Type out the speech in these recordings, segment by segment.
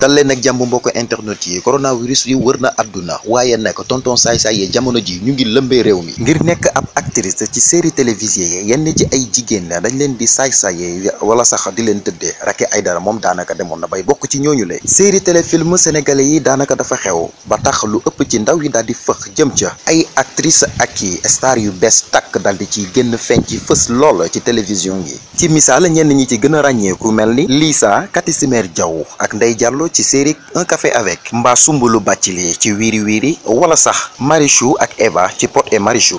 dal leen ak jàmm mbokk internet yi coronavirus yi wër na àdduna waaye nag tonton saay-saay yi jamono ji ñu ngi lëmbee réew mi ngir nekk ab actrice ci série télévisée yenn ci ay jigéen dañ leen di saay-saayee wala sax di leen tëddee Racky Aïdara moom daanaka demoon na bay bokk ci ñooñu la série téléfilm sénégalais yi daanaka dafa xew ba tax lu ëpp ci ndaw yi daal di fëx jëm ca ay actrice ak i star yu bees tàkk daal di ciy génn feeñ ci fës lool ci télévision yi ci misaal ñenn ñi ci gën a ràññeeku mel ni Lisa Kati Simer Diaw ak Ndeye Diallo ci série Un Café Avec mbaa Soumboulou Bathily ci Wiri ci Pod et Marichou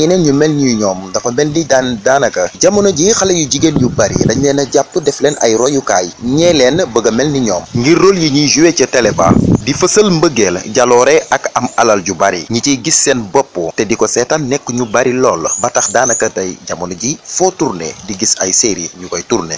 ñeneen ñu mel ñuy ñoom dafa mel ni daan daanaka jamono ji xale yu jigéen yu bari dañ leen a jàpp def leen ay royukaay ñee leen bëgg a mel ni ñoom ngir rôle yi ñuy joué ca télé ba di fësal mbëggeel jaloore ak am alal ju bari ñi ciy gis seen bopp te di ko seetaan nekk ñu bari lool ba tax daanaka tey jamono ji foo tourné di gis ay série ñu koy tourné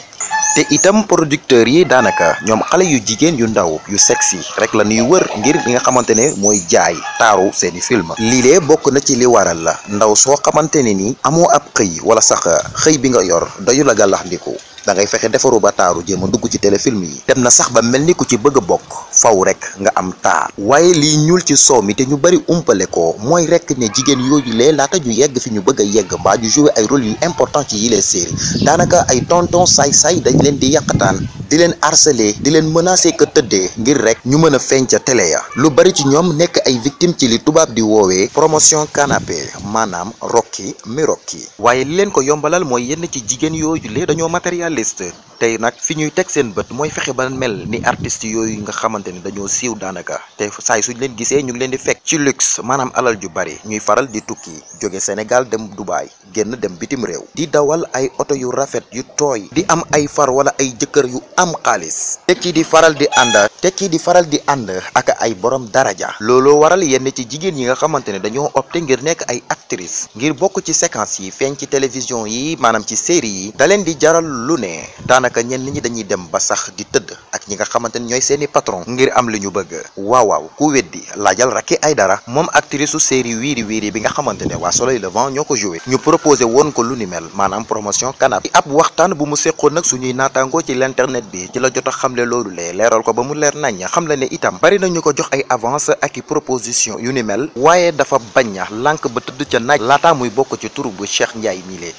te itam producteurs yi daanaka ñoom xale yu jigéen yu ndaw yu sexy rek la ñuy wër ngir li nga xamante ne mooy jaay taaru seeni film lii bokk na ci li waral la ndaw soo xamante ne ni amoo ab xëy wala sax xëy bi nga yor doyu la gàllaxndiku da ngay fexe defaru ba taaru jéem dugg ci téléfilm yi dem na sax ba mel ni ku ci bëgg bokk faw rek nga am taar waaye lii ñuul ci soow mi te ñu bari umpale ko mooy rek ne jigéen yooyu lee laata ñu yegg fi ñu bëgg a yegg mbaa ñu jouer ay rôle yu important ci yile série daanaka ay tonton saay-saay dañ leen di yàqataan di leen harceler di leen menacer que tëddee ngir rek ñu mën a feeñ ca télé ya lu bari ci ñoom nekk ay victimes ci li tubaab di woowee promotion canapé maanaam rokki mi rokki waaye li leen ko yombalal mooy yenn ci jigéen yooyu lee dañoo matérialiste tey nag fi ñuy teg seen bët mooy fexe ba mel ni artistes yooyu nga xamante ni dañoo siiw daanaka te saay suñ leen gisee ñu ngi leen di fekk ci luxe maanaam alal ju bari ñuy faral di tukki jóge Sénégal dem Dubaay génn dem bitim réew di dawal ay oto yu rafet yu tooy di am ay far wala ay jëkkër yu am xaalis tekki di faral di ànd tekki di faral di ànd ak ay borom daraja looloo waral yenn ci jigéen yi nga xamante ne dañoo opté ngir nekk ay actrices ngir bokk ci séquence yi feeñ ci télévision yi maanaam ci série yi da leen di jaral lu ne daanaka ñenn ñi dañuy dem ba sax di tëdd ak ñi nga xamante ñooy seeni patron ngir am li ñu bëgg waaw waaw ku weddi laajal Racky Aïdara moom actrice su wiiri wiiri bi nga xamante ne waa Soleil Levant ñoo ko joué ñu proposé woon ko lu ni mel maanaam promotion canap ab waxtaan bu mu séqoon nag suñuy naataangoo ci l'internet bi ci la jot a xamle loolu lee leeral ko ba mu leer nañ xam la ne itam bari nañu ko jox ay avance ak i proposition yu ni mel waaye dafa bañ a lànk ba tëdd ca naaj laataa muy bokk ci turu bu Cheikh Ndiaye mile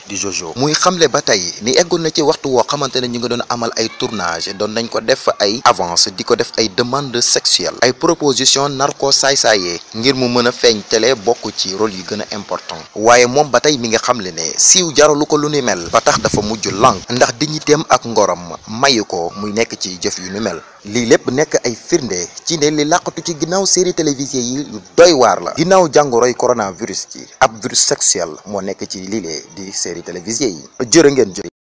nga doon amal ay tournage doon nañ ko def ay avance di ko def ay demande sexuelle ay proposition nar ko saay-saayee ngir mu mën a feeñ télé bokk ci rôle yi gën a important waaye moom ba tey mi nga xam le ne siiw jaralu ko lu nu mel ba tax dafa mujj lank ndax di dignitéem ak ngorom mayu ko muy nekk ci jëf yu ni mel lii lépp nekk ay firnde ci ne li làqatu ci ginnaaw série télévisée yi doy waar la ginnaaw jàngoroy coronavirus ci ab virus sexuel moo nekk ci lii di série yi jërë ngeen jëf